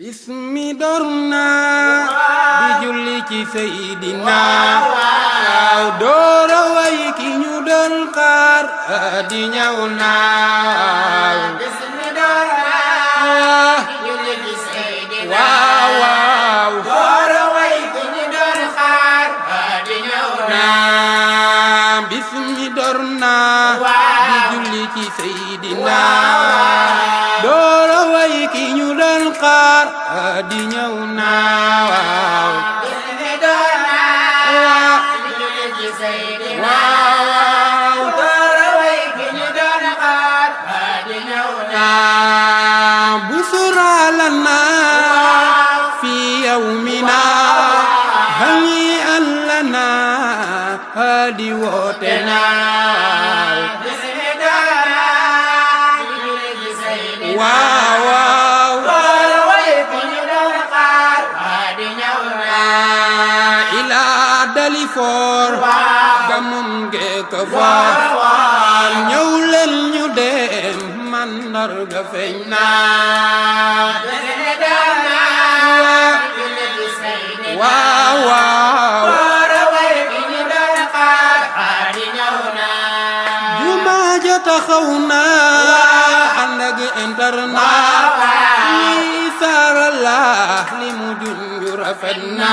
bismi dorna di julli ci Seydina waaw doora way ki ñu doon xaar di ñëw богиня faat faal ñëw leen ñu dem màndarga feeñ naa waaw waaw juma ja taxaw na ànd ak internet ñi saara la li mu junju rafet na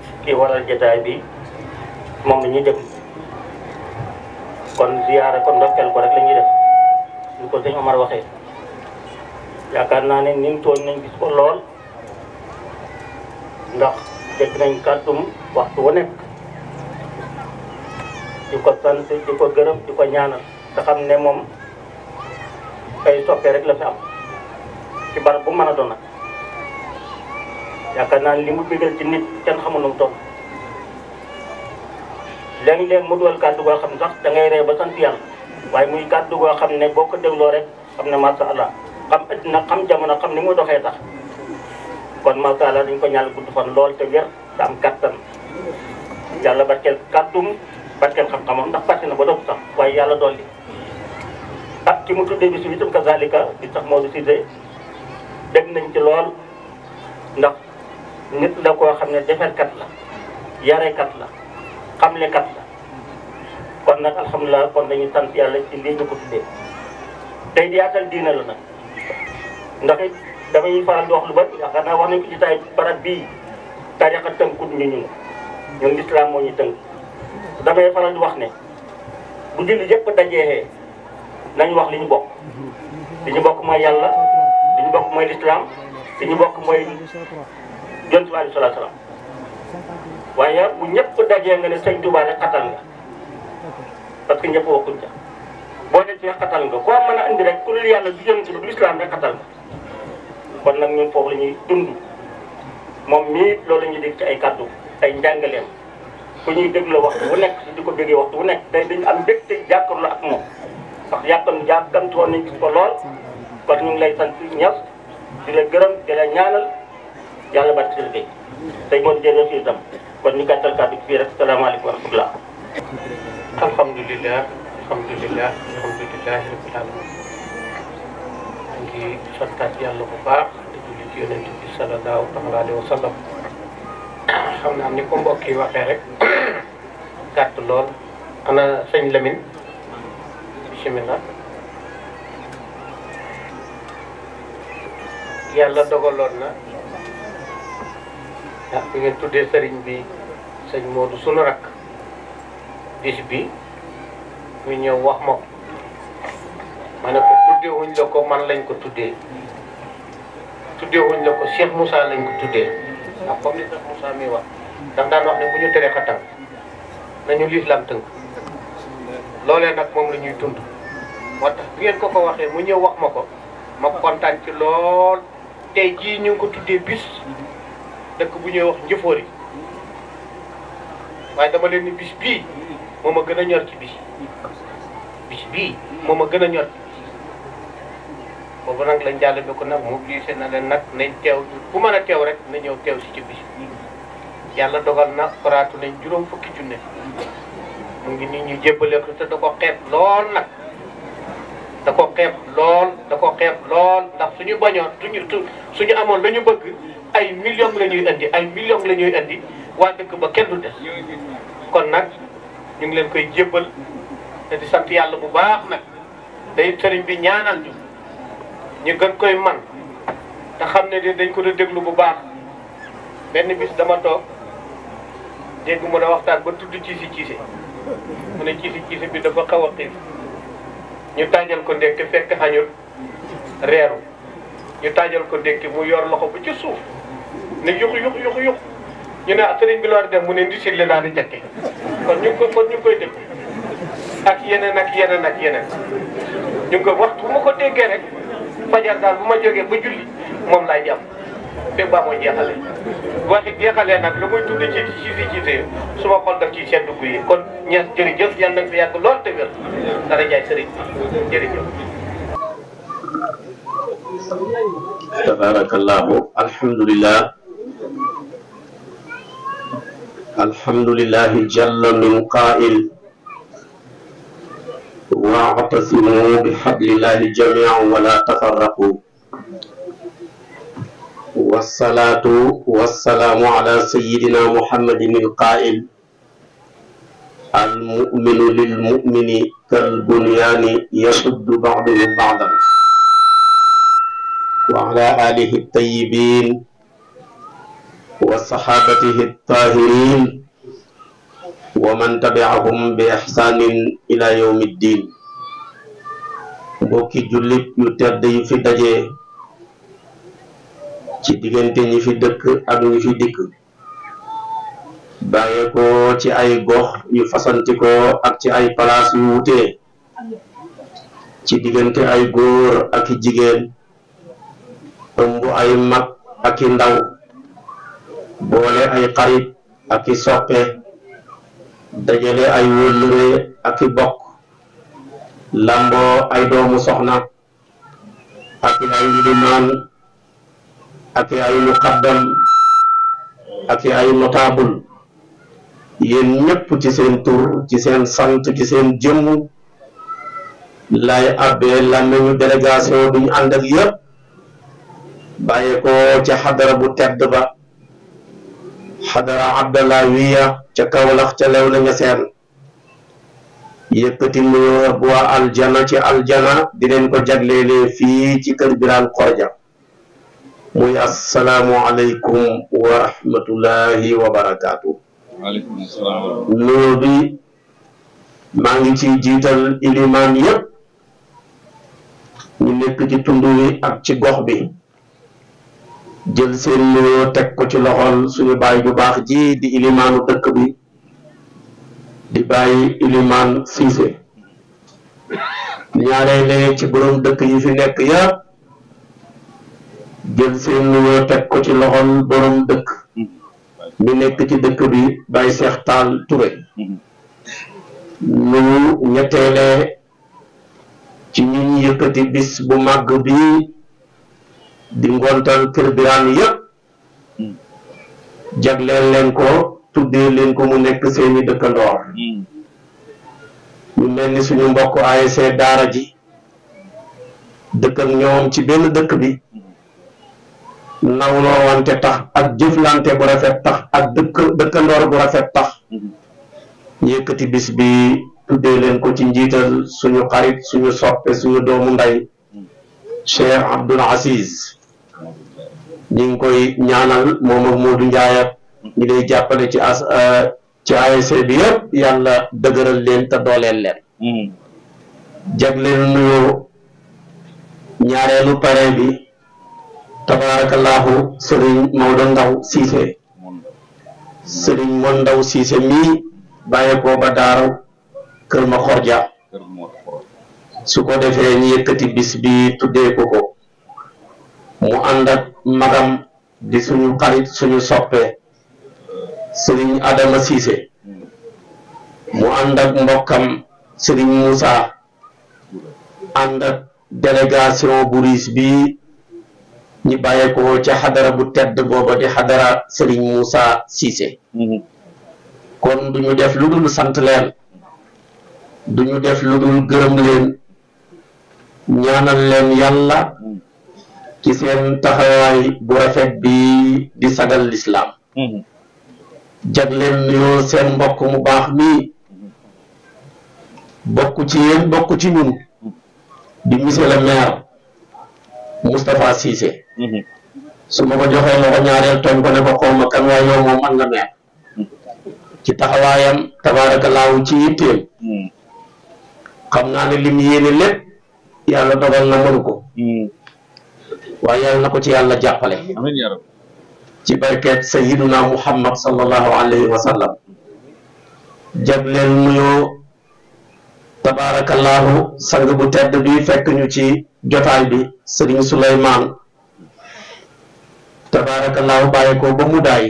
ki waral jotaay bi moom la ñuy jëm kon ziyaara kon ndokkeel ko rek la ñuy def ñu ko sëñ Omar waxee yaakaar naa ne nim tooñ nañ gis ko lool ndax dégg nañ kàddum waxtu wu nekk di ko sant di ko gërëm di ko ñaanal te xam ne moom ay soppe rek la fi am ci barab bu mën a doon nag yaakaar naa li mu bégal ci nit kenn xamul nu mu toll léeg mu dugal kàddu goo xam sax da ngay ree ba sant yàlla waaye muy kàddu goo xam ne boo ko dégloo rek xam ne macha allah xam addina jamono xam ni mu doxee sax kon macha allah ko ñaan gudd fan lool te wér te am yàlla barkeel kàddum barkeel xam-xamam ndax barke na ba doog sax waaye yàlla dool yi ak ah, ki mu tuddee bis bi itam kazalika bi sax Maodo Cissé dégg nañ ci lool ndax. nit la ko xamne ne kat la kat la kat la kon nak alhamdullah kon dañuy sant yalla ci li ñu ko tuddee tay di yaatal diina la nak ndax it damay faral di wax lu bari yaakaar naa wax nañ ci tay barab bi tariqa tënkut ñu ñu ñun islam mo ñu tënk damay faral di wax ne bu julli yëpp dajeexee nañ wax li ñu bokk li ñu bokk mooy yàlla li ñu jëm si alayhi salaatu salaam waaye bu ñëpp dajee nga ne sëñ Tuubaa ne xatal nga parce que ñëpp waxuñ ca boo dee ci xatal nga a indi rek ku dul jëm ci du islam rek xatal nga kon nag la ñuy dund moom mii loolu la ñuy dégg ci ay kàddu ay njàngaleem ku ñuy déglu waxtu bu nekk di ko déggee waxtu bu nekk tey dañu am mbégte jàkkaarloo ak moom ndax yàkkam jàkkamtoon nañ ko lool kon ñu ngi lay sant ñëpp di la gërëm di la ñaanal. yàlla barke seen liggéey tey kon jërëjëf fii itam kon ñu gàttal kàddu fii rek salaamaaleykum wa rahmatulah. alhamdulilah alhamdulilah alhamdulilah rabbil alamin ñu ngi santaat yàlla bu baax di julli ci yonent bi sallallahu taala alayhi wa sallam xam naa ni ko mbokk yi waxee rek gàtt lool ana sëñ Lamine bisimilah. yàlla dogaloon na. ndax bi ngeen tuddee sëriñ bi sëñ Modou sunu rakk bi ñu ñëw wax ma ko ma ne ko tuddee wuñ la ko man lañ ko tuddee tuddee wuñ la ko Cheikh Moussa lañ ko tuddee ndax comme daan wax ne bu ñu teree xatan nañu lislaam tënk loolee nag moom la ñuy tund moo bi ngeen ko ko waxee mu ñëw wax ma ko ma kontaan ci lool tey jii ñu ko tuddee bis dëkk bu ñuy wax njëfoori waaye dama leen ni bis bii moom a gën a ñor ci bis bis bii moom a gën a ñor ci bis boobu nag lañ jàll bi ko nag mobilisé na leen nag nañ teew ku mën a teew rek na ñëw teew si ci bis yàlla dogal na koraatu nañ juróom fukki junne mu ngi nit ñu jébbalee ko te da ko lool nag da ko lool da ko xeeb lool ndax suñu bañoon suñu suñu amoon la bëgg ay millions la ñuy andi ay millions la ñuy andi wa dekk ba kenn du def kon nak ñu ngi leen koy jébal te di sant yalla bu baax nak day sëriñ bi ñaanal ñu ñu gën koy man te xamne ne de dañ ko do deglu bu baax benn bis dama tok degg mu na waxtaan ba ci ci ci mu ne ci ci bi dafa xaw a ñu taajal ko ndekki fekk añul reeru ñu taajal ko ndekki mu yor loxo bu ci suuf ne yux yux yux yux ñu ne ah sëriñ bi loo def mu ne ndi si li laa di kon ñu ko kon koy dégg ak yeneen ak yeneen ak yeneen ñu ngi ko waxtu bu ma ko déggee rek fajar daal bu ma jógee ba julli moom laay jàpp te baa mooy jeexale waxi jeexalee nag lu muy tudd ci ci ci ci su ma xool daf ci seen dugg yi kon ñees jërëjëf te wér dara tabarakallahu alhamdulillah الحمد لله جل من قائل واعتصموا بحبل الله جميعا ولا تفرقوا والصلاة والسلام على سيدنا محمد القائل المؤمن للمؤمن كالبنيان يشد بعضه بعضا وعلى آله الطيبين wa saxaabatihi taahiriin wa man tabi'ahum bi ihsaanin ila yawmi ddiin mbokki jullit yu tedd yu fi daje ci diggante ñi fi dëkk ak ñi fi dikk bàyyeekoo ci ay gox yu fasantikoo ak ci ay palaas yu wute ci diggante ay góor ak i jigéen ëmb ay mag ak i ndaw boole ay xarit ak i soppe dajale ay wëllëre ak i bokk lamboo ay doomu soxna ak i ay limaan ak i ay muqaddam ak i ay notable yéen ñëpp ci seen tur ci seen sant ci seen jëmm lay abbee làmmiñu nañu bi ñu àndak ak yëpp bàyyi ko xadara bu tedd ba xadara abdallah wiya ca kawlax ca lew na nga seen yëkkati nuyoo aljana ci aljana di leen ko jagleele fii ci kër Birane Khordia muy asalaamu aleykum wa rahmatullahi wa barakaatu waaleykum salaam maa ngi ci jiital ilimaan yëpp ñu nekk ak ci gox bi jël seen nuyoo teg ko ci loxol suñu baay bu baax ji di ilimaanu dëkk bi di bàyyi ilimaan siise ñaaree ne ci borom dëkk yi fi nekk ya jël seen nuyoo teg ko ci loxol borom dëkk mi nekk ci dëkk bi bàyyi seex taal ture nu ñetteele ci ñi ñu yëkkati bis bu màgg bii di ngontal kër Birame yëpp jagleel leen ko tuddee leen ko mu nekk seeni dëkkandoor ñu mel ni suñu mbokk ASC daara ji dëkk ak ci benn dëkk bi nawloo tax ak jëflante bu rafet tax ak dëkk dëkkandoor bu rafet tax yëkkati bi tuddee leen ko ci njiital suñu xarit suñu soppe suñu doomu nday Cheikh Abdoul Aziz ñu ngi koy ñaanal moom ak Modou Ndiaye ñu lay jàppale ci as euh, ci ASC bi yëpp yàlla dëgëral leen te dooleel leen. Mm. jagleel nuyoo ñaareelu pare bi tabaarakallaahu Serigne Maodo Ndaw Cissé Serigne Maodo Ndaw Cissé mii bàyyeekoo ba daaru Kër Makhorja su ko defee ñu yëkkati bis bi tuddee ko mu andak magam di suñu xarit suñu soppe sering Adama Cissé mu andak mbokam sering Musa, Moussa delegasi ak délégation bu riis bi ñi bàyyeekoo ca hadara bu tedd booba di hadara sëriñ Moussa Cissé hmm. kon duñu def lu dul sant leen duñu def lu dul leen ñaanal leen yalla hmm ci seen taxawaay bu rafet bi di sagal lislaam hmm. jagleen nuyoo seen mbokk mu baax mi bokk ci yéen bokk ci ñun di monsieur le maire mustapha Cissé hmm. su ma ko joxee loxo ñaareel tooñ ko ne ko xawma kan waaye yow moom man nga maire ci taxawaayam tabaarakallaahu ci yitteem hmm. xam naa ne lim yéene lépp yàlla dogal na mënu ko waaye yàlla na ko ci yàlla jàppale amiin yaa rabbi ci barkeet sayiduna muhammad sallallahu alayhi wa sallam jagleel nuyoo tabaarakallaahu sang bu tedd bi fekk ñu ci jotaay bi sëriñ Souleymane tabaarakallaahu bàyyi ba mu daay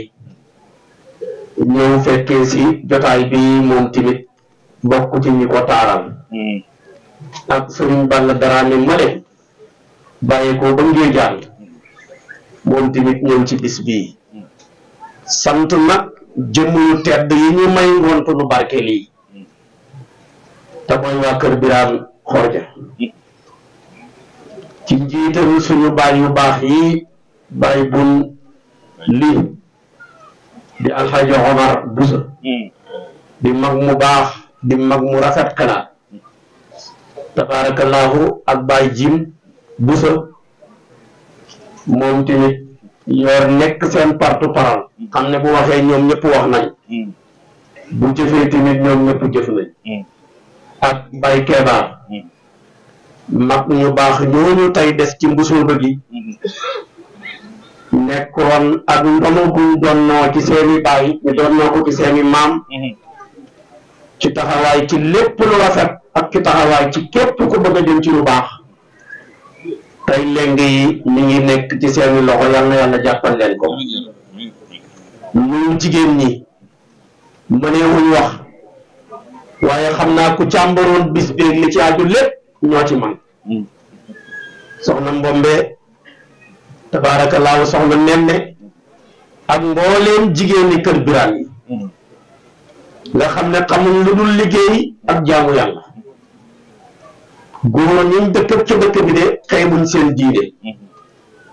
fekkee si jotaay bi moom tamit bokk ci ko taaral hmm. ak sëriñ Balla Daraame Male ko ba ngey jall mom timit ñew ci bis bi sant nak jëm yu tedd yi ñu may ko lu barké li te mooy waa kër Birane xorja ci ru suñu baay yu baax yi baay bu li di alhaji Omar Busa di mag mu baax di mag mu rafet kala tabarakallah ak baay jim busa moom tamit yor nekk seen porte-parole xam ne bu waxee ñoom ñëpp wax nañ hmm. bu jëfee tamit ñoom ñëpp jëf nañ hmm. ak Mbaye Kébar hmm. mag ñu baax ñooñu tay des ci mbusulba gi nekkoon ak ndono guñ donnoo ci seeni baay ñu donnoo ko ci seeni maam ci taxawaay ci lépp lu rafet ak ci taxawaay ci képp ku bëgg a ci lu baax tey léegi yi mi ngi nekk ci seeni loxo yal yàlla jàppal leen ko ñun jigéen ñi mëneewuñ wax waaye xam naa ku càmbaroon bis beeg li ci aju lépp ñoo ci man soxna Mbombe tabaarakallaahu soxna Nenne ak mbooleem jigéeni kër Birane yi nga xam ne xamuñ lu dul liggéey ak jaamu yàlla góor ñun dëkk ca dëkk bi de xëy xeebuñ seen diine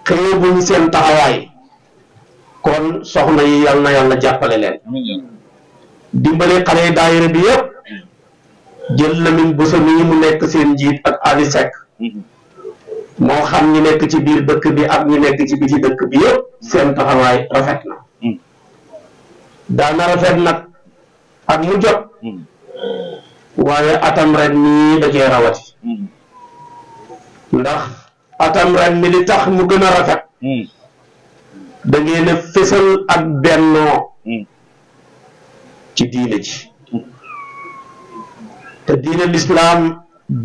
xeebuñ seen taxawaay kon soxna yi yal na yàlla jàppale leen dimbale xale yi daayira bi yëpp jël Lamine Bousso mii mu nekk seen njiit ak Ali moo xam ñu nekk ci biir dëkk bi ak ñi nekk ci biti dëkk bi yëpp seen taxawaay rafet na daana rafet nag ak mu jot mm. waaye atam ren nii da cee rawati ndax atam ren mi li tax mu gën a rafet hmm. da ngeen a fésal ak bennoo hmm. ci diine ji te diine lislaam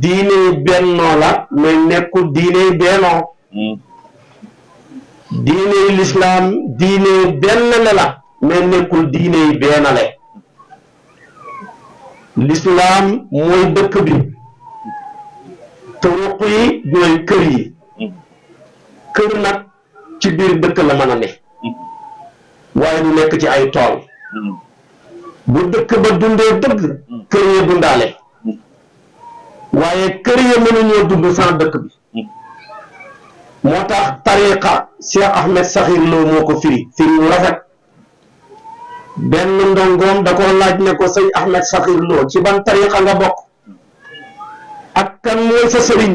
diine bennoo la mais nekkul diine bennoo hmm. diine lislaam diine benn la la mais nekkul diine benn la lislaam mooy dëkk bi te ruq yi mooy kër yi kër nag ci biir dëkk la mën a ne waaye du nekk ci ay tool bu dëkk ba dundee dëgg kër ya dundaale waaye kër ya mënuñoo dund sans dëkk bi moo tax tariqa Cheikh Ahmed Sakhir Lo moo ko firi firi mu rafet benn ndongoom da ko laaj ne ko sëñ Ahmed Sakhir Lo ci ban tariqa nga bokk ak kan mooy sa sëriñ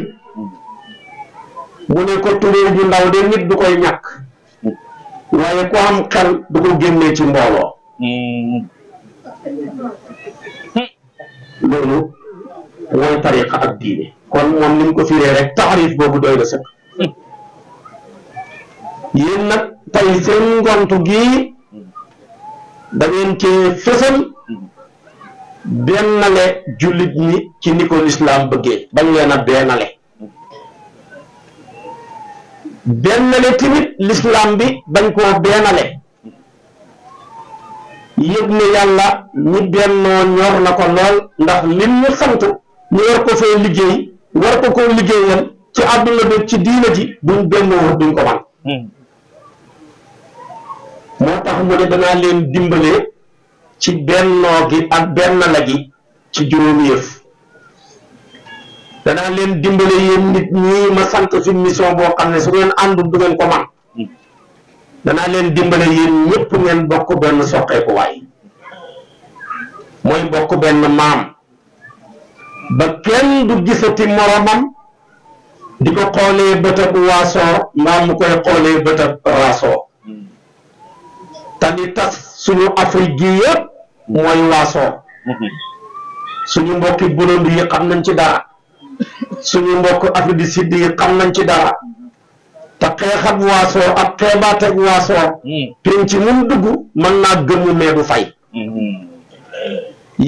mu ne ko tubéy ju ndaw de nit du koy ñàkk waaye ku am xel du ko génnee ci mbooloo loolu mooy tariqa ak diine kon moom ni ko firee rek taarif boobu doy la sëkk yéen nag tey seen ngontu gii da ngeen cee fësal bennale jullit ñi ci ni ko lislaam bëggee bañ leen a bennale bennale tamit lislaam bi bañ koo bennale yëg ne yàlla ñi bennoo ñor na ko lool ndax lim ñu sant ñu war ko fee liggéey war ko koo liggéeyal ci àdduna bi ci diina ji buñ bennoo duñ ko man hmm. moo tax mu ne danaa leen dimbalee ci benno gi ak benn la gi ci juróom yëf dana leen dimbale yéen nit ñi ma sant fi mission boo xam ne su ngeen àndul du ngeen ko man dana leen dimbale yéen ñëpp ngeen bokk benn soqeeku waay mooy bokk benn maam ba kenn du gisati moromam di ko xoolee bëtëb waasoo mbaa mu koy xoolee bëtëb raasoo tani tas suñu afrique gi yépp mooy waasoo mhm. suñu mbokki burundi yi xam nañ ci dara suñu mbokk afrique du sud yi xam nañ ci dara te xeex ak waasoo ak xeebaat ak waasoo mhm. ci mun dugg man naa gëmu mee du fay mhm.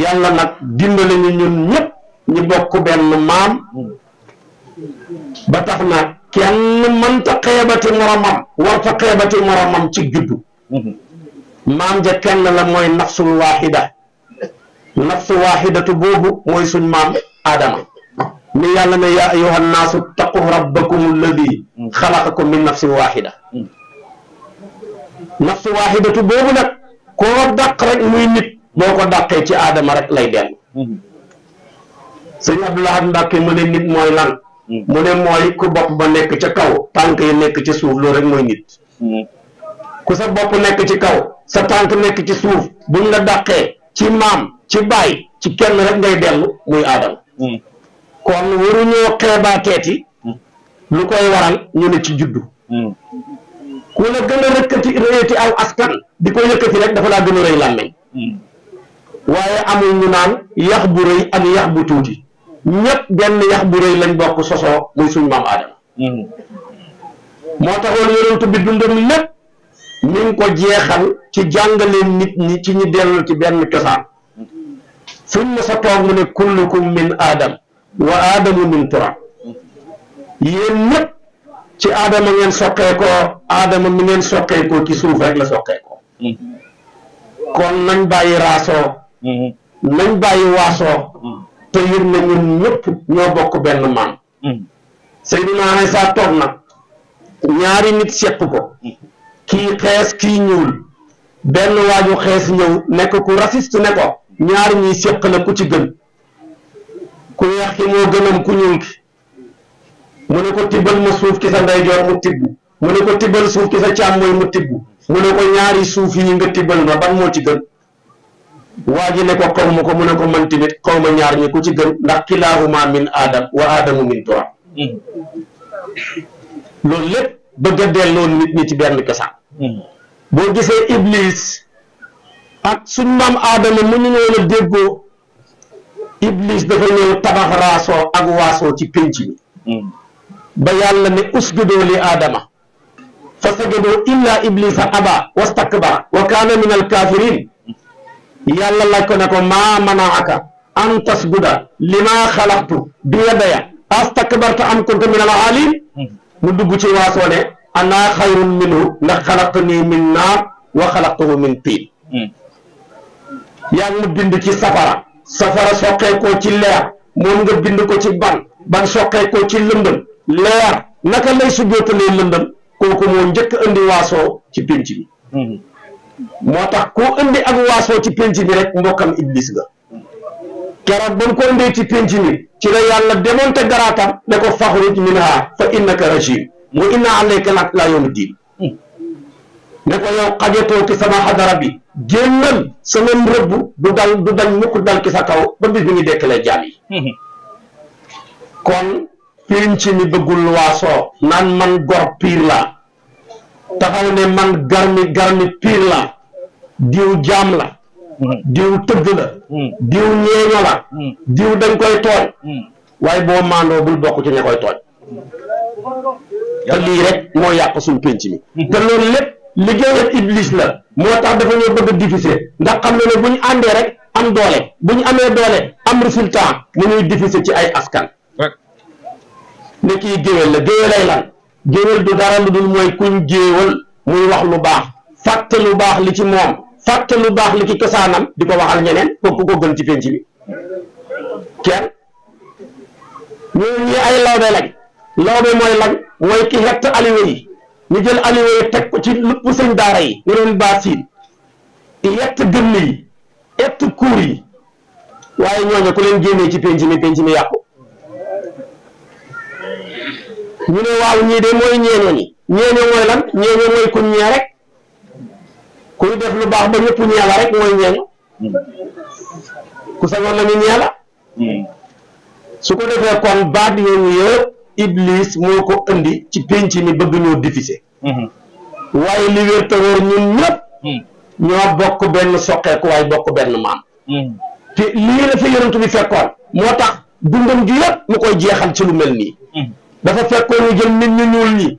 yàlla nag dimbale ñu ñun ñëpp ñu bokk benn maam ba tax na kenn mënta xeebati moromam war fa xeebati moromam ci juddu Mam ja kenn la nafsu nafsul wahida nafsu wahidatu bubu moy sun mam Adam. ni yalla ne ya ayuhan nasu taqu rabbakum alladhi khalaqakum min nafsu wahida nafsu wahidatu bubu nak, ko dak rek muy nit boko dakke ci rek lay dellu seigne abdullah mbàkke mo ne nit moy lan mo ne moy ku bop ba nek mm-hmm. ci kaw tank yi nek ci suuf lo rek moy nit ku sa bop nek ci kaw sa tànk nekk ci suuf buñ la dàqee ci maam ci baay ci kenn rek ngay dellu muy aadama hmm. kon waruñoo xeebaateeti hmm. lu koy waral ñu ne ci juddu hmm. ku la gën a rëkkati rëyati aw askan di ko yëkkati rek dafa laa gën a rëy làmmeñ waaye amul ñu naan yax bu rëy ak yax bu tuuti ñëpp benn yax bu rëy lañ bokk sosoo muy suñ maam aadama moo taxoon yonent bi dundam lépp mi ko jeexal ci jàngale nit ñi ci ñu dellu ci benn cosaan suñ ma sa toog mu ne kullukum min aadam wa aadamu min turab yéen ñëpp ci aadama ngeen soqeekoo aadama mi ngeen soqeekoo ci suuf rek la soqeekoo kon nañ bàyyi raasoo nañ bàyyi waasoo te yëg na ñun ñëpp ñoo bokk benn maam mm. Seydina Isa toog na ñaari nit seq ko kii xees kii ñuul benn waaju xees ñëw nekk ku raciste ne ko ñaar ñiy séq la ku ci gën ku weex ki moo gënam ku ñuul mu ne ko tibbal ma suuf ki sa ndeyjoor mu tibb mu ne ko tibbal suuf ki sa càmmooy mu tibb mu ne ko ñaari suuf yi nga tibbal ma ban moo ci gën waa ji ne ko xaw ma ko mu ne ko man tamit xaw ma ñaar ñi ku ci gën ndax kilaahuma min aadam wa aadamu min turaab hmm. loolu lépp bëgg a delloo nit ñi ci benn kasaan boo gisee iblis ak suñ maam aadama mu ñu ñëwoon a déggoo dafa ñëw tabax raasoo ak waasoo ci pénc bi ba yàlla ne usjudoo li aadama fa sajadoo illa iblisa aba wastakbara wa kaana min alkafirin yàlla laaj ko ne ko maa manaaka an tasjuda limaa xalaqtu bi yadaya astakbarta am kunta min al mu dugg ci ne ana xayrun minhu ndax xalaqtanii min naar wa xalaqtahu min tiin yaa ngi mu bind ci safara safara soqee ko ci leer moom nga bind ko ci ban ban soqee ko ci lëndëm leer naka lay sujóotalee lëndëm kooku moo njëkk indi waasoo ci pénc bi hmm. moo tax ku indi ak waasoo ci pénc bi rek mbokkam iblis nga keroog ba mu ko indee ci pénc mi ci la yàlla demoon garaatam ne ko faxruj minha fa innaka rajim mo inna alayka lak la yom hmm. di ne ko yow xajetoo ci sama hadara bi gennal sama rebb du dal du dañ mukk dal ci sa taw ba bis bi ni dekk la yi hmm. kon pinc ni beugul waso nan man gor pir la taxaw ne man garmi garmi pir la diw jam la hmm. diw teug la diw ñeeño la diw dañ koy toy waye bo mando bul bokku ci koy te lii rek moo yàq suñ penc mi te loolu lépp liggéeyal iblis la moo tax dafa ñoo bëgg a ndax xam na ne bu ñu àndee rek am doole bu ñu amee doole am résultat mu ñuy diffuser ci ay askan ne kii géwél la géwélay lan géwél du dara lu dul mooy kuñ géewal muy wax lu baax fàtte lu baax li ci moom fàtte lu baax li ci cosaanam di ko waxal ñeneen kooku ko gën ci penc bi kenn ñooñu ay lawbe lañ loolu mooy lan mooy ki xett aliwe yi ñu jël aliwe yi teg ko ci lupp sëñ daara yi ñu leen baasiin yett dënn yi yett kuur yi waaye ñooñu ku leen génnee ci penc mi penc mi yàqu ñu ne waaw ñii de mooy ñeeñoo ñi ñeeñoo mooy lan ñeeñoo mooy kuñ ñee rek kuy def lu baax ba ñëpp ñee la rek mooy ñeeño ku sañoon la ñu hmm. ñee su ko defee kon baat yooyu yëpp Iblis moo ko indi ci penc mi bëgg ñoo diffuser mhm. waaye li wér te wóor ñun ñëpp mhm. ñoo bokk benn soqeeku waaye bokk benn maam mhm. te lii la fa bi fekkoon moo tax dundam gi yëpp mu koy jeexal ci lu mel nii dafa fekkoon ñu jël nit ñu ñuul ñi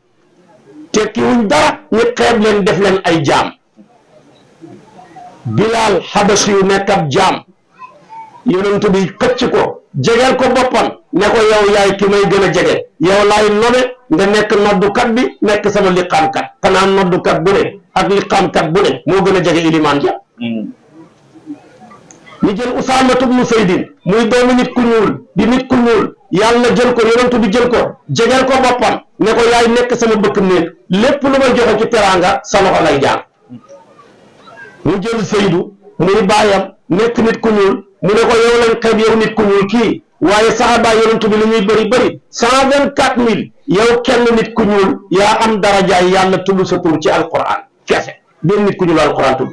tekki wuñ dara ñu xeeb leen def leen ay jaam bilaal xabasi yu nekk ab jaam yonent bi xëcc ko jegeel ko boppam ne ko yaay ki may gën a jege yow laay nome nga nekk noddukat bi nekk sama liqaamkat xanaa noddukat bu ne liqaamkat bu ne moo gën a jege ilimaan ja hmm. ñu jël usaamatu bnu saydin muy doomu nit ku ñuul di nit ku ñuul yàlla jël ko yonentu bi jël ko jegeel ko boppam ne ko yaay nekk sama bëkk néeg lépp lu may joxe ci teraanga sa loxo lay jaar mu jël saydu muy baayam nekk nit ku ñuul mu ne ko yow lañ xeeb yow nit ku ñuul kii waaye saxaaba yonent bi lu ñuy bëri bëri cent vingt quatre mille yow kenn nit ku ñuul yaa am darajaay yàlla tudd sa tur ci alquran kese benn nit ku ñuul alquran tudd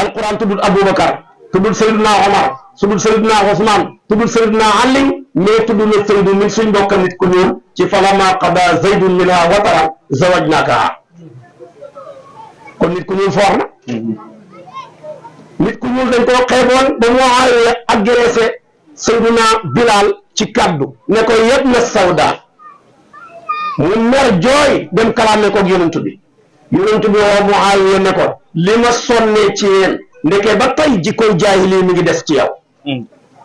alquran tuddul Aboubacar tuddul Seydina Omar tuddul Seydina Ousmane tuddul Seydina Ali mais tudd na Seydou min suñ mbokk nit ku ñuul ci falama qada zaydun minha watara zawajnakaha kon nit ku ñuul foor na mm-hmm. nit ku ñuul dañ koo xeeboon ba mu agressé Seydina bilaal ci kaddu ne ko yëpp na sawda mu mer jooy dem kalaame ko yonent bi yonent bi woo Muawiya ne ko li ma sonnee ci yéen ndeke ba tey jikkoy jaahili mi ngi des ci yow hmm.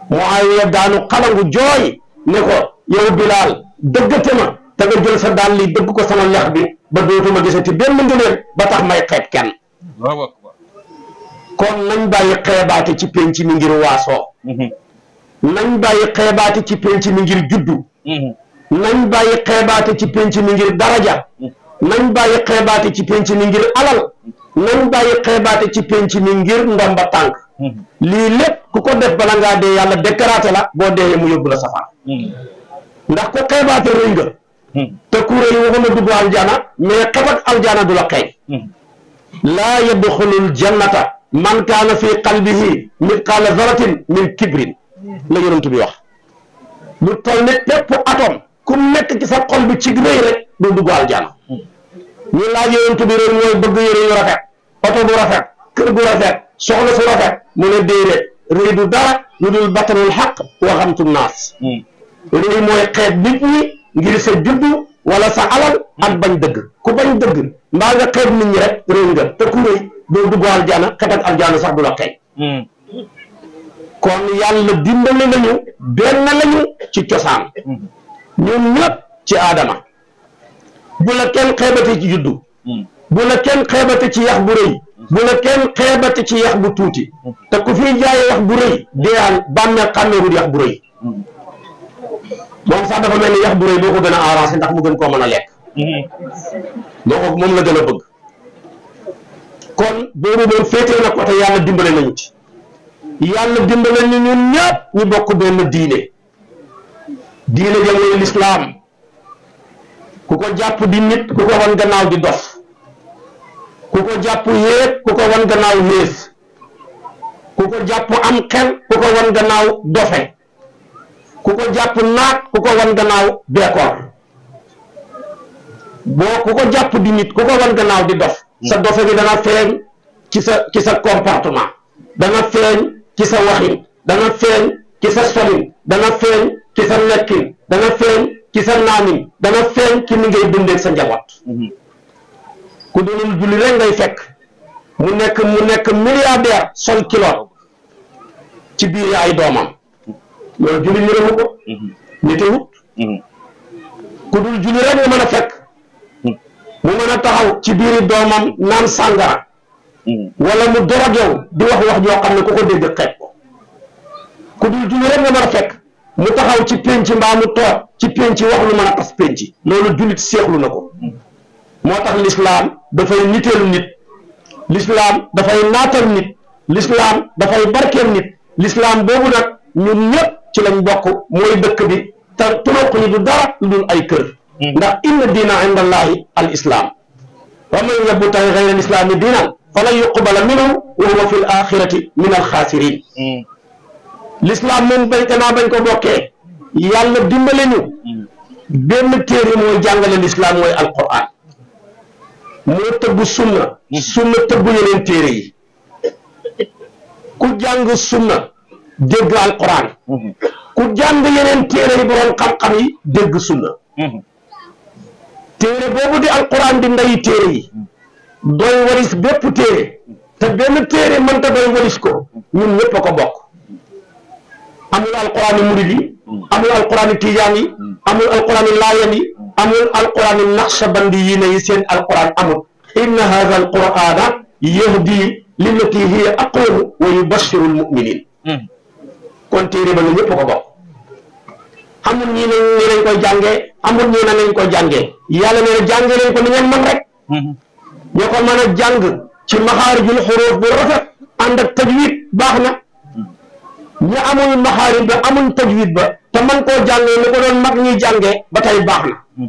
Muawiya daanu xalangu jooy ne ko yow Bilal dëggate ma te jël sa daan li dëgg ko sama lex bi ba dootuma gisati benn ngëneel ba tax may xeeb kenn kon nañ bàyyi xeebaate ci penc mi ngir waasoo hmm. nañ bàyyi xeebaate ci penc mi ngir juddu mm-hmm. nañ bàyyi xeebaate ci penc mi ngir daraja mm-hmm. nañ bàyyi xeebaate ci penc mi ngir alal mm-hmm. nañ bàyyi xeebaate ci penc mi ngir ndomba tànk lii lépp ku ko def bala ngaa dee yàlla déclarate la boo deeyee mu yóbbu la safaan ndax ko xeebaate rëy nga te kuréel yi waxuma dugg aljana mais xebat aljana du la xeeñ laa yadxulul jannata man kaana fi qalbihi mitqaala zaratin min kibrin la yonent bi wax lu toll ne pépp atome ku nekk ci sa xol bi ci rëy rek doo dugg aljana ñu laaj yonent bi réew mooy bëgg yére yu rafet oto bu rafet kër gu rafet soxla su rafet mu ne déedéet rëy du dara lu dul batanul xaq waxamtu naas rëy mooy xeet nit ñi ngir sa juddu wala sa alal ak bañ dëgg ku bañ dëgg mbaa nga xeeb nit ñi rek réew nga te ku rëy doo dugg aljana xet ak aljana sax du la tey kon yàlla dimbali nañu benn lañu ci cosaan ñun ñëpp ci aadama bu la kenn xeebate ci juddu bu la kenn xeebate ci yax bu rëy bu la kenn xeebate ci yax bu tuuti te ku fi jaay yax bu rëy deyaan bàmmeel xàmmeerul yax bu rëy moom sax dafa mel ni yax bu rëy boo ko gën a arrangé ndax mu gën koo mën a lekk boo ko moom la gën a bëgg kon boobu moom féetee na ko te yàlla dimbali nañu ci yalla dimbale ñu ñun ñepp ñu bokk ben diine diine ja mooy lislaam ku ko japp di nit ku ko won gannaaw di dof ku ko japp yéeg ku ko won gannaaw yées ku ko japp am xel ku ko won gannaaw dofe ku ko japp naat ku ko won gannaaw beekoor bo ku ko japp di nit ku ko won gannaaw di dof sa dofe gi dana feeng ci sa ci sa comportement dana feeng ci sa waxi dana feeñ ci sa solin dana feeñ ci sa lekkin dana feeñ ki sa naanin dana feeñ ci ni ngay dundeeg sa njaboot mhm. ku dulul julli rek fekk mu nekk mu nekk milliardaire sol kilo ci biir ay doomam loolu julli yërëmu ko mhm. nitewut mhm. ku dul julli rek mu a fekk mu mën a taxaw ci biiri doomam naan sàngara wala mu dorog yow di wax wax joo xam ne ku ko dégg di ko ku dul julli rek nga mën a mu taxaw ci penc mbaa mu toog ci penc wax lu mën a tas penc loolu jullit seexlu na ko moo tax lislaam dafay niteelu nit lislaam dafay naatal nit lislaam dafay barkeel nit lislaam boobu nag ñun ñëpp ci lañ bokk mooy dëkk bi te turuq yi du dara lu dul ay kër ndax inna diina inda allahi al islaam wa man yabtaghi ghayra al islaami fala yuqbala minhu wa huwa fil akhirati min al khasirin l'islam mom bañ kanaa bañ ko bokke yalla dimbale ñu ben téré mooy jangale l'islam moy al qur'an mo teggu sunna sunna teggu yeneen téré yi ku jang sunna al qur'an ku jang yeneen téré yi borom xam-xam yi dégg sunna mm-hmm. téré bobu di al qur'an di ndayi téré yi doy waris bépp téere te benn téere mënta doy waris ko ñun ñëpp a ko bokk amul alquraan yi murid yi amul alquraan yi tijaan yi amul alquraan yi laayeen yi amul alquraan yi naqshabandi yi ne yi seen alquraan amul inna haadha alqur'aana yahdi lillati hiya aqwamu wa yubashiru almuminin kon téere ba la ñëpp ko bokk amul ñii ne ñi lañ koy jàngee amul ñii ne lañ koy jàngee yàlla nee na jàngee leen ko ni ngeen mën rek ña ko mën a jàng ci maxaarijul xuruuf bu rafet ànd ak tajwid baax na ña amul maxaarij amu amul tajwid ba te man koo jàngee ni ko doon mag ñuy jàngee ba tey baax na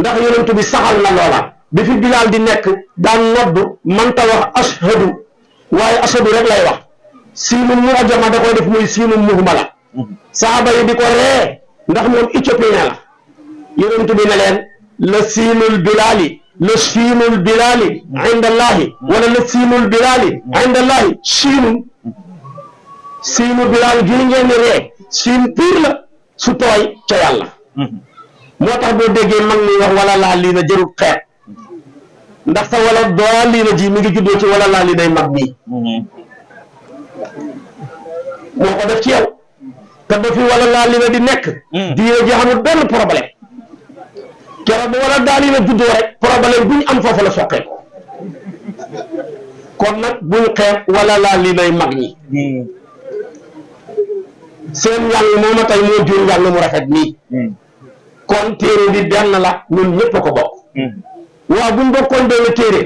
ndax yonent bi saxal na loola bi fi bilaal di nekk daan nodd ta wax ashadu waaye ashadu rek lay wax siinum mu ajama da koy def muy siinum muhmala saaba yi di ko ree ndax moom éthiopien la yonent bi ne leen la siinul bilaali la siinul bilaali wala la siinul bilaali inda allahi siinu siinu bilaal gii ngeen di ree la su tooy ca yàlla moo tax boo déggee mag wax wala laa lii na jërul xeet ndax sa wala doo lii na ji mi ngi juddoo ci wala laa lii day mag moo ko def ci yow te ba fi wala laa lii di nekk mm. diine ji xamul benn problème keroog bu war a daal yi juddoo rek problème bu ñu am foofu la soqee ko kon nag buñ xeeb wala laa li nay mag ñi seen njàng mooma tey non jur njàng mu rafet nii kon téere bi benn la ñun ñëpp ko bokk waaw non bokkoon benn téere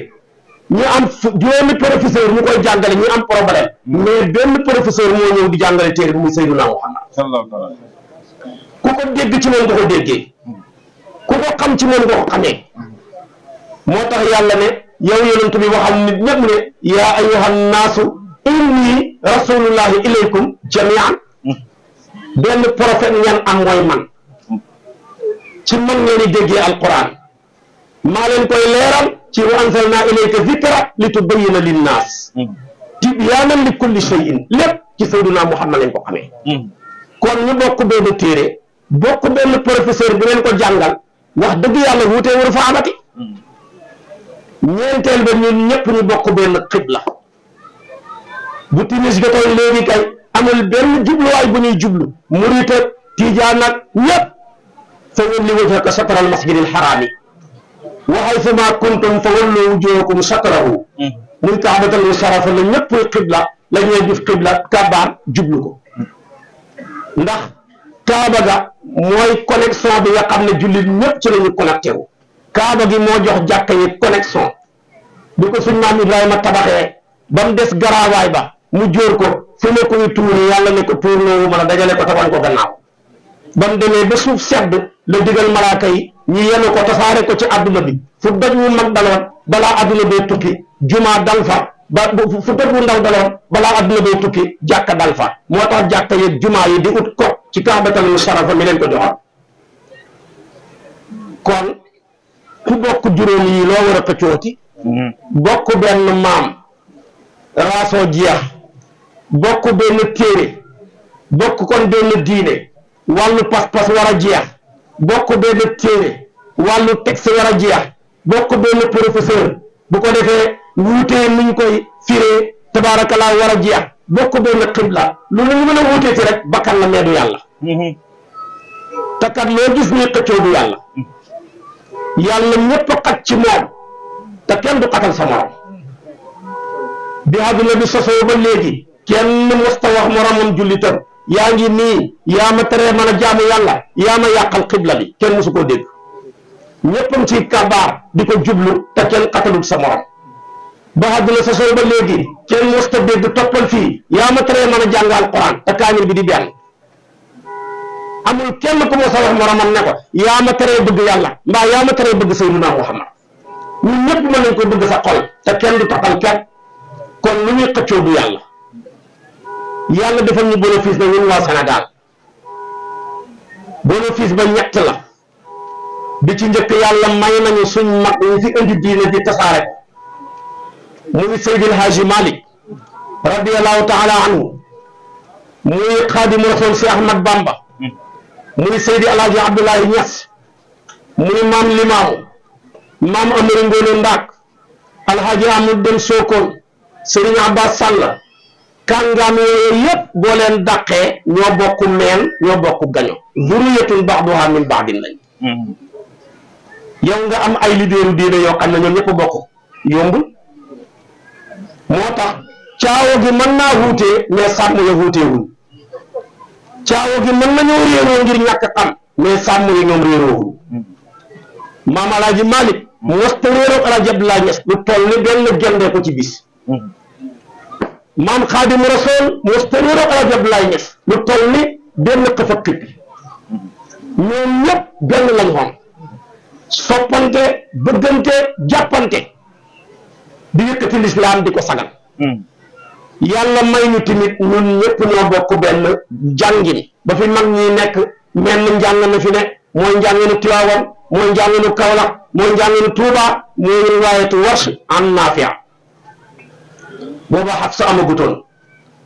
ñu am juróomi professeur ñu koy jàngale ñu am problème mais benn professeur moo ñëw di jàngale téere bi mu Seydina Muhammad ku ko dégg ci moom nga ko déggee ku ko xam ci moom nga ko xamee moo tax yàlla ne yow yonent bi waxal nit ñëpp ne yaa ayyuhan naasu inni rasulullahi ilaykum jamian benn prophète ngeen am mooy man ci man ngeen di déggee alquran maa leen koy leeral ci wa anzalna ilayka zikra li tubayyina linnaas tibyaanan li kulli shay'in lépp ci sayduna muhammad lañ ko xamee hmm. kon ñu bokk benn téere bokk benn professeur ko jàngal ndax dëgg yàlla wuutee waru fa amati ñeenteel ba ñun ñëpp ñu bokk benn xibla bu timis jotee léegi kay amul benn jubluwaay bu ñuy jublu murit ak tijaan ak ñëpp fa walli wajhaka satara al masjid al harami wa haythuma kuntum fa wallu wujuhakum satrahu muy kaabatal musharrafa la ñëpp xibla la ñuy jëf xibla kabaar jublu ko ndax kaaba ga mooy connexion bi nga xam ne jullit ñëpp ci la ñu connecté wu kaaba gi moo jox jàkka yi connexion bi ko suñ maam Ibrahima tabaxee ba mu des garaawaay ba mu jóor ko fu ne koy tuuri yàlla ne ko tuur loowu mën a ko tawan ko ba mu demee ba suuf sedd la digal malaaka yi ñu yenu ko tasaare ko ci adduna bi fu doj wu mag daloon balaa adduna bee tukki jumaa dal fa ba fu doj wu ndaw daloon balaa adduna bee tukki jàkka dal fa moo tax jàkka yi jumaa yi di ut ko ci kaabatal musharrafa mi leen ko joxoon kon ku bokk juróom yi loo war a pëccooti hmm. bokk benn maam raasoo jeex bokk benn téere bokk kon benn diine wàllu pas-pas war a jeex bokk benn téere wàllu texte war a jeex bokk benn professeur bu ko defee wuutee nuñ koy firee tabaarakalaa war a jeex bokk benn xibla lu ñu mën a wuutee ci rek bakkan la meedu yàlla Mhm. te kat loo gis ni xëccoo du yàlla yàlla ñëpp xat ci moom te kenn du xatal sa morom bi àdduna bi sosoo ba léegi kenn musta wax yang jullitam yaa ngi nii yaa ma tere mën a jaamu yàlla yaa ma yàqal xibla bi kenn musu koo dégg ñëppam ci kabaar di ko jublu te kenn xatalul sa morom ba àdduna sosoo ba léegi kenn musta dégg toppal fii yaa ma tere mën a jàng alquran te bi di benn amul kenn ku mos a wax moromam ne ko yaa ma teree bëgg yàlla mbaa yaa ma teree bëgg Sayyidina Muhammad ñun ñëpp mën nañ ko bëgg sa xol te kenn du taxal kenn kon lu ñuy xëccoo du yàlla yàlla defal ñu bénéfice na ñun waa Sénégal bénéfice ba ñett la bi ci njëkk yàlla may nañu suñ mag ñu fi indi diine di tasaare muy Seydil Hadji Malick radiyallahu taala anhu muy xaadimu rasul si Ahmad Bamba mu ni Seydi Alaaji Abdoulaye Niass mu ni maam Limaamu maam Amari Ngoone Ndaak Alxaaji Amadu Dem Sokone Sëriñ Abbas Sall kàngaam yooyu yépp boo leen dàqee ñoo bokk meen ñoo bokk gaño zuriyatun ba'duhaa min ba'din lañ mm-hmm. yow nga am ay leaderu diine yoo xam ne ñoom ñëpp bokk yombul moo tax caawo gi mën naa wuute mais sàmm ya wuutewul caawa gi mën nañoo réeroo ngir ñàkk a xam mais sàmm yi ñoom réeroowul maam alaaji Malick mosta réeroo alaaji Abdoulaye lu toll ni benn gendee ko ci bis maam xaadim rasool mosta réeroo alaaji Abdoulaye Niass lu toll ni benn xëf ak ñoom ñëpp benn lañ xam soppante bëggante jàppante di yëkkati lislaam di ko sagal hmm. yàlla may ñu tamit ñun ñëpp ñoo bokk benn jàngin ba fi mag ñi nekk menn njàng na fi ne mooy njàng nu Tiwaawan mooy njàng nu Kaolack mooy njàng nu Tuuba mooy riwaayatu Warsh an Naafi' booba Hafs amagutoon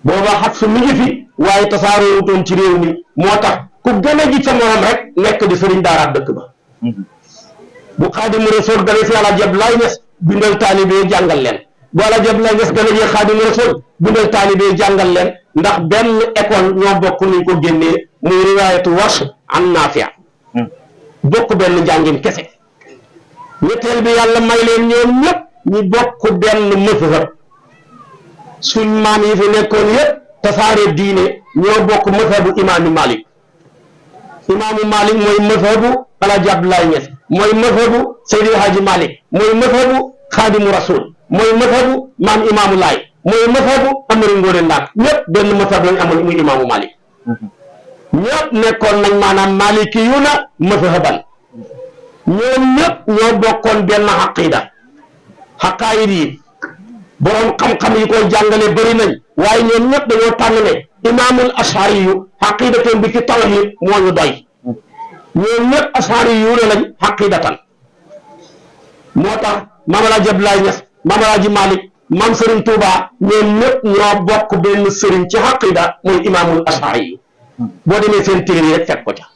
booba Hafs mi ngi fi waaye tasaaroo wutoon ci réew mi moo tax ku gën a ji sa morom rek nekk di sëriñ daaraat dëkk ba mhm. bu Xaadimu Rasuul dana fi Alaaji Abdoulaye Ñas bindal taalibe jàngal leen wala jot la nges gën a yéeg xaadimu rasul bindal taalibe jàngal leen ndax benn école ñoo bokk nuñ ko génnee muy riwaayatu warsh an naafia hmm. bokk benn njàngin kese ñetteel bi yàlla may leen ñoom ñëpp ñu bokk benn mazhab suñ yi fi nekkoon yëpp tasaare diine ñoo bokk mazhabu imaamu malik imaamu malik mooy mazhabu alaaji abdoulaye ñes mooy mazhabu seydi haaji malik mooy mazhabu xaadimu rasul mooy mazhabu maam imaamu laay mooy mazhabu amari ngóore ndaak ñëpp benn mazhab lañ amoon ñëpp nekkoon nañ maanaam maliki yu na mazhaban ñëpp bokkoon benn xaqida xaqaayid yi boroom xam-xam yi koy jàngale bëri nañ waaye ñoom ñëpp dañoo tànn ne imaamul ashari yu xaqidatam bi ci tawhid ñëpp ashari lañ xaqidatan moo tax maam Alaaji maam Alaaji Malik maam Serigne Touba ñoom ñëpp ñoo bokk benn Serigne ci xaqida mooy imaamul Ashari yi boo demee seen téere rek fekk ko ca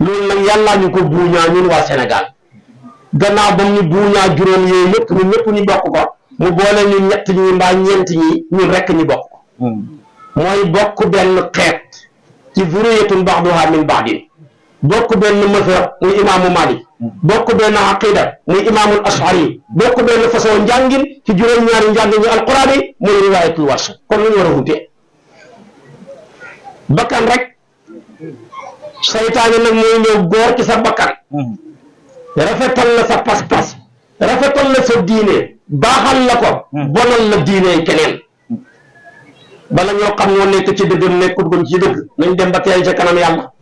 loolu nag yàllaa ñu ko buuñaa ñun waa Sénégal gannaaw bam ñu buuñaa juróom yooyu yëpp ñun ñëpp ñu bokk ko mu boole ñu ñett ñi mbaa ñeent ñi ñun rekk ñi bokk ko mooy bokk benn xeet ci zuriyatun ba'duha min ba'din bokk benn mësër muy imaamu Malik bokk benn aqida muy imaamul ashari bokk benn façon njàngin ci juróom-ñaari njàngin ñu alquran yi muy riwaayatul warsh kon lu ñu war a wute bakkan rek saytaane nag mooy ñëw góor sa bakkan rafetal la sa pas-pas rafetal la sa diine baaxal la ko bonal diine keneen bala ñoo xam ñoo nekk ci dëgg nekkut guñ ci dëgg nañ dem ba teel ca kanam yàlla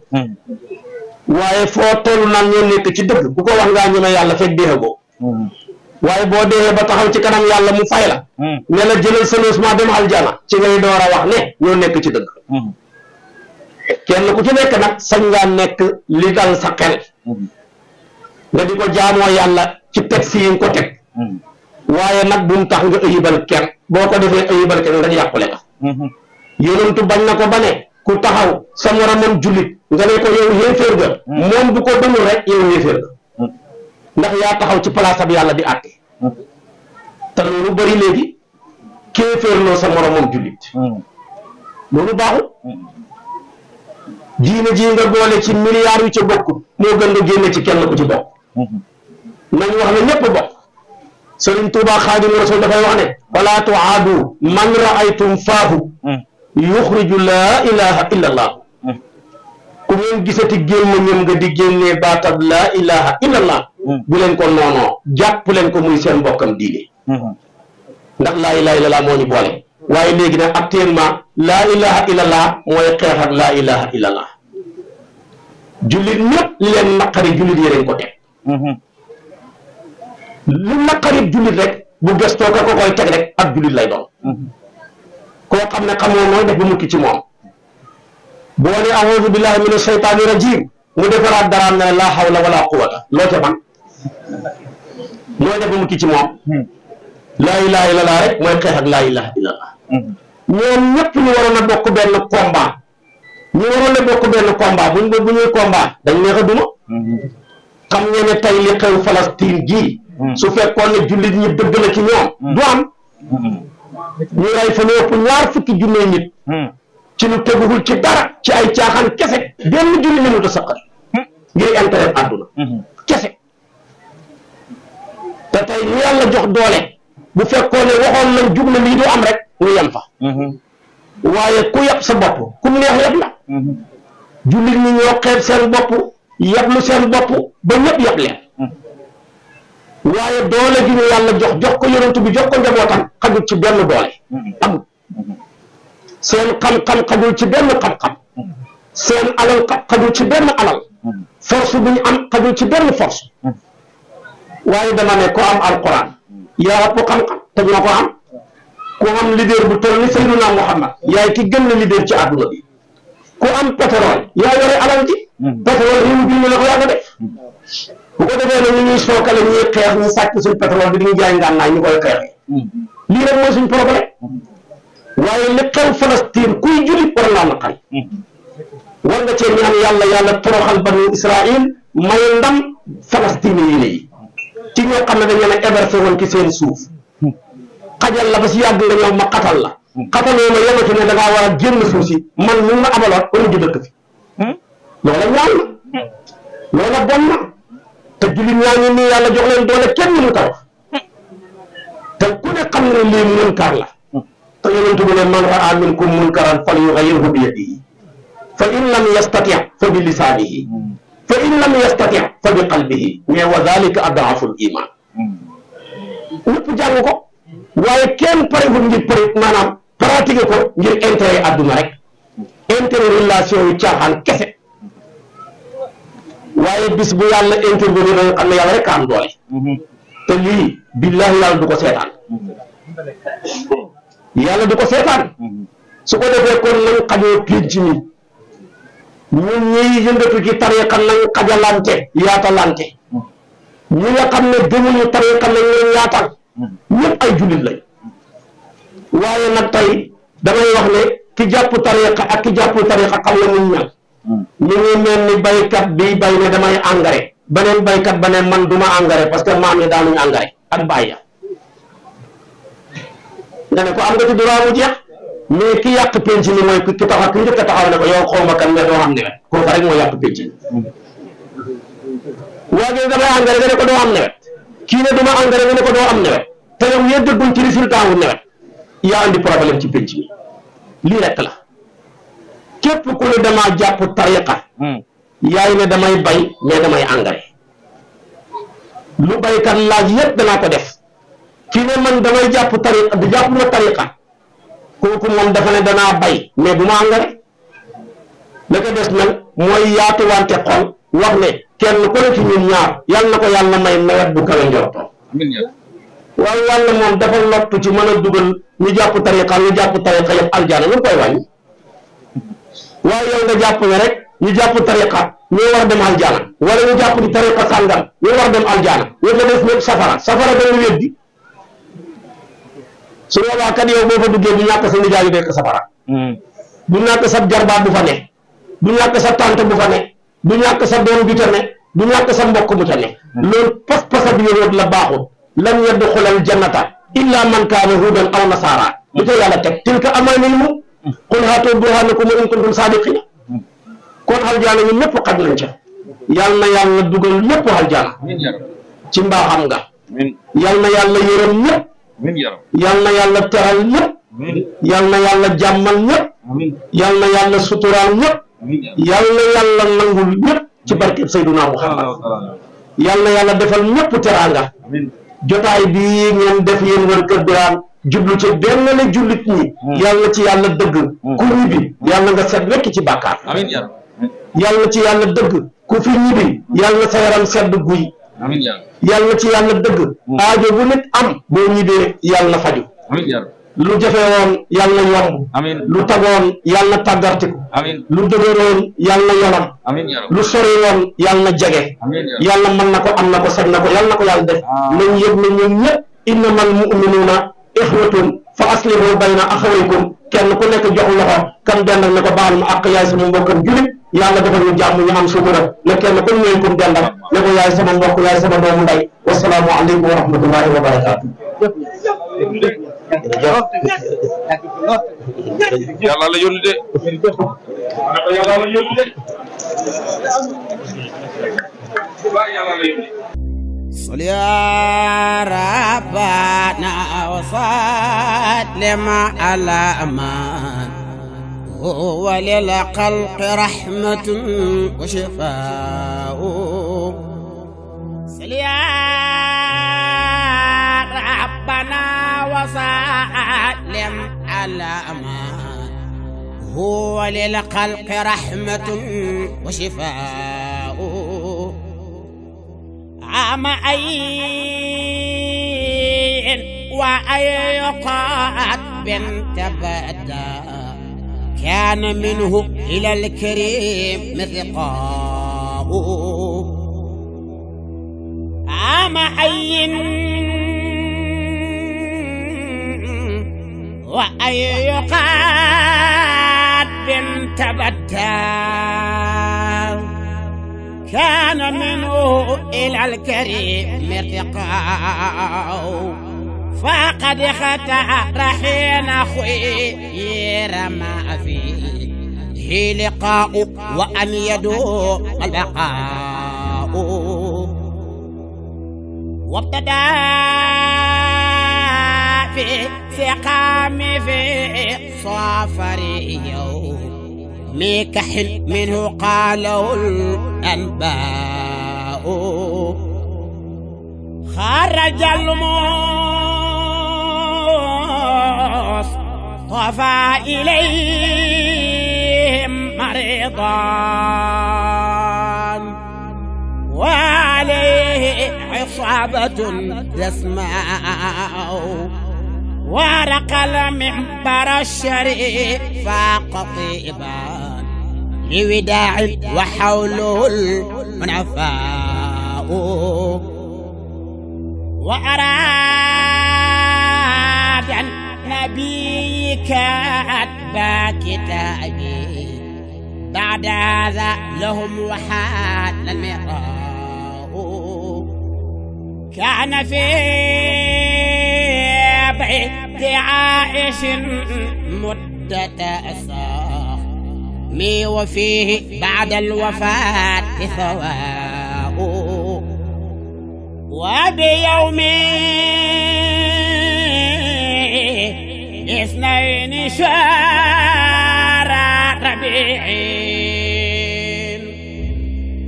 waaye foo teelu naan ñoo nekk ci dëgg bu ko wax ngaa ñu ne yàlla fekk deexagoo waaye boo deexee ba taxaw ci kanam yàlla mu fay la hmm. ne la jëlal maa dem aljana ci ngay door a wax ne ñoo nekk ci dëgg hmm. kenn ku ci nekk nag sañ ngaa nekk li dal sa xel hmm. nga di ko jaamoo yàlla ci texte yi nga ko teg waaye nag bu mu tax nga ayibal kenn boo ko defee ayibal kenn rek yàqule ka yonentu bañ na ko ba ne ku taxaw sa moromam jullit nga ne ko yow yéeféer ga hmm. moom bu ko dënul rek yow yéeféer ga hmm. ndax yaa taxaw ci place ab yàlla di àtte hmm. te loolu bari léegi kéeféerloo sa moromam jullit loolu baaxul diine ji nga boole ci milliards yu ci bokk moo gën nga génne ci kenn ku ci bokk nañu wax ne ñépp bokk Sëriñ Tuubaa Xaadimu Rasuul dafay wax ne wala tuaadu man raaytum faahu yuxriju laa ilaha illa allah ku ngeen gisati génn ñoom nga di génnee baatab laa ilaha illa mm-hmm. bu leen ko noonoo jàpp leen ko muy seen mbokkam diine mm-hmm. ndax laa ilaha illa allah moo ñu boole léegi nag actuellement laa ilaha mooy xeex ak laa ilaha illa allah jullit ñëpp li leen naqari jullit yee ko teg mm-hmm. lu naqari jullit rek bu gëstoo ko koy teg rek ak jullit lay doon koo xam ne xamoo nooy def ba mucc ci moom boo ne aoudu billahi min ashaytani rajim mu defaraat dara nga ne laa hawla wala quwata loo ca man nooy def ba mucc ci moom laa ilaha illallah rek mooy xeex ak laa ilaha illallah ñoom ñëpp ñu waroon a bokk benn combat ñu waroon a bokk benn combat buñ bu ñuy combat dañ neex a duma xam ngeen ne tey li xew Palestine gii su fekkoon ne jullit ñi dëgg la ci ñoom du am ñu rey fa lu ñaar fukki junne nit hmm. ci lu teguwul ci dara ci ay caaxaan kese benn junni mënut a saqal hmm. ngir intérêt àdduna hmm. kese te tey ñu yàlla jox doole bu fekkoon ne waxoon nañ jug na lii du am rek ñu yem fa waaye ku yab sa bopp ku neex yab la jullit ñi ñoo xeeb seen bopp yablu seen bopp ba ñëpp yab leen waaye doole gi ñu yàlla jox jox ko yonent bi jox ko njabootam xajul ci benn doole amul seen xam-xam xajul ci benn xam-xam seen alal xajul ci benn alal force bu ñu am xajul ci benn force waaye dama ko am alquran yaa ko xam-xam te ñoo ko am ku am leader bu toll ni Seydina Muhammad yaay ki gën na leader ci àdduna bi ku am pétrole yaa yore alal ji mm-hmm. pétrole réew bi ñu ne ko yaa ko bu ko defee nag ñu ñuy sookale ñuy xeex ñu sàcc suñ pétrole bi di ñu jaay ngànnaay ñu koy xeexee lii nag mooy suñ problème waaye li xew Palestine kuy julit war naa naqari war nga cee ñaan yàlla yàlla toroxal banu Israël may ndam Palestine yi ne ci ñoo xam ne dañ leen a ci seen suuf xajal la ba nga ma xatal la ma ne da suuf man ma dëkk fi hmm? ñaan jullit ñaa ngi nii yàlla jox leen doole kenn mënu ko def eh. te ku ne xam ne lii munkar la te yonent bi ne man raa minkum munkaran falyughayyirhu bi yadihi fa in lam yastati' fa bi lisaanihi fa in lam yastati' fa bi qalbihi mais wa dhalika ad'aful iman ñëpp jàng ko waaye kenn parewul ngir pare maanaam pratiquer ko ngir intérêt adduna rek intérêt relation yu caaxaan kese waaye bis bu yàlla intervenir dañu xam ne yàlla rek am doole mhm. te lii billahi yàlla du ko seetaan yàlla du mhm. su ko defee kon nañ xajoo pénc ñun ñuy yëngatu ci tariqa nañ xajalante yaatalante mhm. ñi nga xam ne gëmuñu tariqa nañ leen ay lañ damay wax ne ki tariqa ak ki tariqa xam ñu ñal mi ngi mel ni baykat bi bay ne damay engrais beneen baykat ba ne man duma engrais parce que maam yi daanuñ engrais ak bàyyi nga ne ko am nga ci droit mu jeex mais ki yàq penc mi mooy ki taxaw ki njëkk a taxaw ne ko yow xaw ma nga doo xam ne wet rek moo yàq penc waa gi damay engrais nga ne ko doo am nawet kii ne duma engrais nga ne ko doo am nawet te yow yéen dëgguñ ci résultat wu nawet yaa andi problème ci penc lii rek la képp ku ne damaa jàpp tariqa hmm. yaay ne damay bay mais damay engrais lu baykat laaj yépp danaa ko def ki ne man damay jàpp tariqa du jàpp ma tariqa kooku moom dafa ne danaa bay mais bu ma engrais la des nag mooy yaatuwante xol wax ne kenn ku ne ci ñun ñaar yal na ko yàlla may nawet bu kawe njortoo waaye yàlla moom dafa lottu ci mën a dugal ñu jàpp tariqa ñu jàpp tariqa yëpp aljana lu koy wàññi waaye yow nga jàpp ne rek ñu jàpp tariqa ñu war dem aljana wala ñu jàpp ni tariqa sàngam ñu war dem aljana ñu ko def ñëpp safara safara dañu weddi su boobaa kat yow boo fa duggee du ñàkk sa nijaay yu nekk safara hmm. du ñàkk sa jarbaat bu fa ne du ñàkk sa tante bu fa ne du ñàkk sa doom bi ta ne du ñàkk sa mbokk bu ta ne hmm. loolu pas-pasab yowóot la baaxul lan yadxulal janata illa man kaana hudan aw nasaara lu ca yàlla teg tilka amanil mu qul haatu burhaanakum in kuntum saadiqiin kon aljana ñun ñëpp xaj nañ ca yal na yàlla dugal ñëpp aljana ci mbaaxam nga yal na yàlla yërëm ñëpp yal na yàlla teral ñëpp yal na yàlla jàmmal ñëpp yal na yàlla suturaal ñëpp yal na yàlla nangul ñëpp ci barkeb Seyduna Muhammad yal na yàlla defal ñëpp teraanga jotaay bii ngeen def yéen wër kër Birane jublu ci benn la jullit ñi hmm. yàlla ci yàlla dëgg hmm. ku ñibbi hmm. yàlla nga set wekk ci bàkkaar amiin yàlla ci yàlla dëgg ku fi ñibbi yàlla sa yaram sedd guy yàlla ci yàlla dëgg aajo bu nit am boo ñibbee yàlla faju lu jafewoon yàlla yomb lu tagoon yàlla tàggartiku lu dëgëroon yàlla yoram lu soriwoon yàlla jege yàlla mën na ko am na ko set na ko yàlla na ko yàlla def ah. nañ yëg na ñun ñëpp innamal mu'minuuna ixwatun fa aslihu bayna axawaykum kenn ku nekk jox loxo kam dendal ne ko baal ma àq yaay sama mbokkam julit yàlla defal ñu jàmm ñu am sutura ne kenn ku ñëwee kum dendal ne ko yaay sama mbokk yaay sama doomu nday wasalaamu aleykum wa rahmatullahi wa barakaatu yàlla la yónni de yàlla la yónni de صل يا ربنا وسلم على امان هو للخلق رحمة وشفاء صل يا ربنا وسلم على امان هو للخلق رحمة وشفاء أمعين وأيقات بنت بدا كان منه إلى الكريم مثقاه أمعين وأيقات بنت بدا منه إلى الكريم ارتقاء فقد خطأ رحينا اخوي رمى فيه لقاء وأن يدوم البقاء وابتدا في سقام في صافري يوم كحل منه قالوا الأنباء خرج الموس طفى إليهم مريضان وعليه عصابة تسمع ورق المنبر الشريف قطيبا لوداع وحوله المنعفان وأراد أن نبيك أتبع كتابي بعد هذا لهم وحاد المراء كان في بعد عائش مدة أسار مي وفيه بعد الوفاة ثواب وبيوم اثنين شهر ربيعين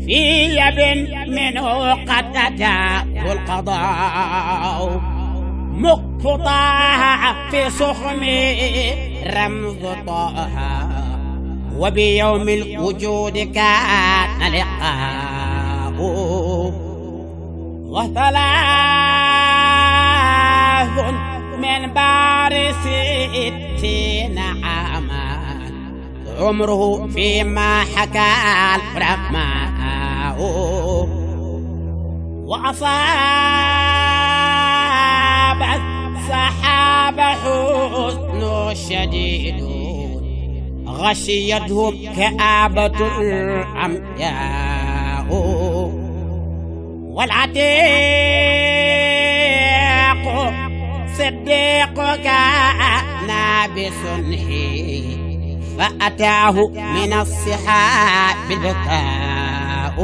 في يب منه قد أتى القضاء مقطعها في صخم رمز طه وبيوم الوجود كان لقاء وثلاث من بار ستين عاما عمره فيما حكى العلماء وأصاب السحاب حسن شديد غشيته كآبة الأمياء والعتيق صديقك نابس هي فأتاه من الصحاب البكاء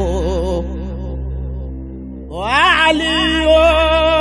وعلي